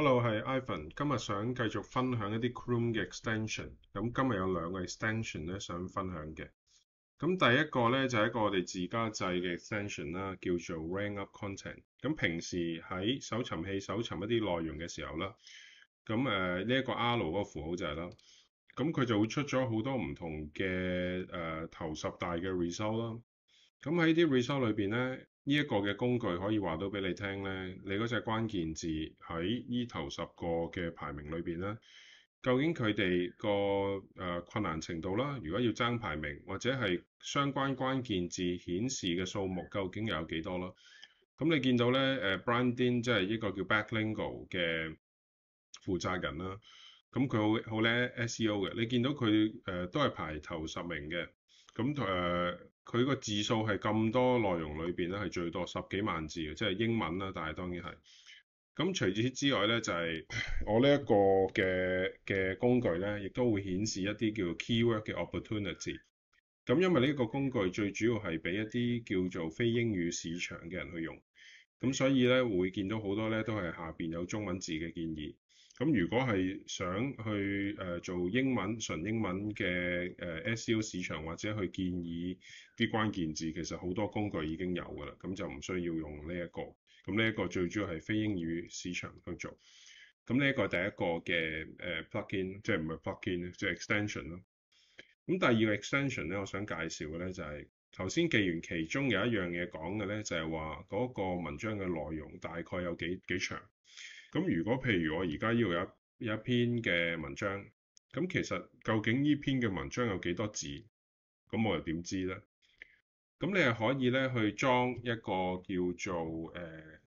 Hello，係 Ivan。今日想繼續分享一啲 Chrome 嘅 extension。咁今日有兩個 extension 咧，想分享嘅。咁第一個咧就係一個我哋自家製嘅 extension 啦，叫做 Rang Up Content。咁平時喺搜尋器搜尋一啲內容嘅時候啦，咁誒呢一個 R 嗰個符號就係啦。咁佢就會出咗好多唔同嘅誒頭十大嘅 result 啦。咁喺啲 result 裏邊咧。呢一個嘅工具可以話到俾你聽咧，你嗰隻關鍵字喺呢頭十個嘅排名裏邊咧，究竟佢哋個誒困難程度啦，如果要爭排名或者係相關關鍵字顯示嘅數目究竟又有幾多啦？咁你見到咧誒，Brian Dean 即係一個叫 Backlinko 嘅負責人啦，咁佢好好叻 SEO 嘅，你見到佢誒、嗯呃、都係排頭十名嘅。咁誒，佢個、呃、字數係咁多內容裏邊咧係最多十幾萬字嘅，即係英文啦，但係當然係。咁除此之外咧，就係、是、我呢一個嘅嘅工具咧，亦都會顯示一啲叫做 keyword 嘅 opportunity。咁因為呢個工具最主要係俾一啲叫做非英語市場嘅人去用。咁所以咧會見到好多咧都係下邊有中文字嘅建議。咁如果係想去誒、呃、做英文純英文嘅誒、呃、SEO 市場或者去建議啲關鍵字，其實好多工具已經有㗎啦。咁就唔需要用呢、這、一個。咁呢一個最主要係非英語市場去做。咁呢一個第一個嘅誒、呃、plugin 即係唔係 plugin 即係 extension 咯。咁第二個 extension 咧，我想介紹嘅咧就係、是。頭先記完其中有一樣嘢講嘅咧，就係話嗰個文章嘅內容大概有幾幾長。咁如果譬如我而家呢度有一篇嘅文章，咁其實究竟呢篇嘅文章有幾多字，咁我又點知咧？咁你係可以咧去裝一個叫做誒，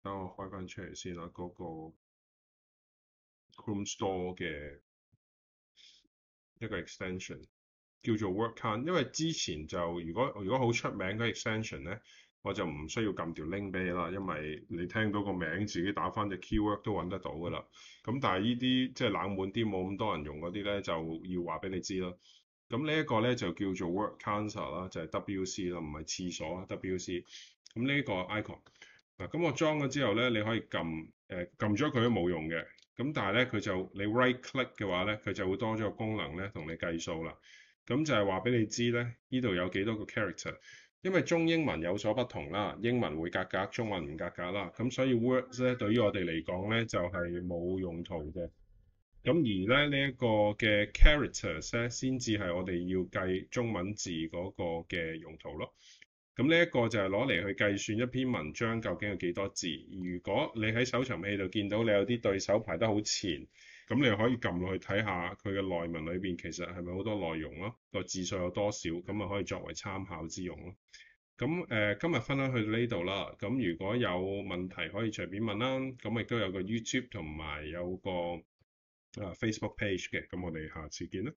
等、呃、我開翻出嚟先啦，嗰、那個 Chrome Store 嘅一個 extension。叫做 work can，因為之前就如果如果好出名嘅 extension 咧，我就唔需要撳條 link 俾你啦，因為你聽到個名自己打返隻 keyword 都揾得到㗎啦。咁但係呢啲即係冷門啲冇咁多人用嗰啲咧，就要話俾你知咯。咁呢一個咧就叫做 word counter 啦，就係 W C 啦，唔係廁所 W C。咁呢個 icon 嗱，咁我裝咗之後咧，你可以撳誒，撳咗佢都冇用嘅。咁但係咧，佢就你 right click 嘅話咧，佢就會多咗個功能咧，同你計數啦。咁就係話俾你知咧，呢度有幾多個 character，因為中英文有所不同啦，英文會格格，中文唔格格啦，咁所以 words 咧對於我哋嚟講咧就係冇用途嘅，咁而咧呢一個嘅 characters 咧先至係我哋要計中文字嗰個嘅用途咯，咁呢一個就係攞嚟去計算一篇文章究竟有幾多字，如果你喺搜尋器度見到你有啲對手排得好前。咁你可以撳落去睇下佢嘅內文裏邊，其實係咪好多內容咯、啊？個字數有多少？咁咪可以作為參考之用咯、啊。咁誒、呃，今日分享去呢度啦。咁如果有問題可以隨便問啦。咁亦都有個 YouTube 同埋有個啊、呃、Facebook Page 嘅。咁我哋下次見啦。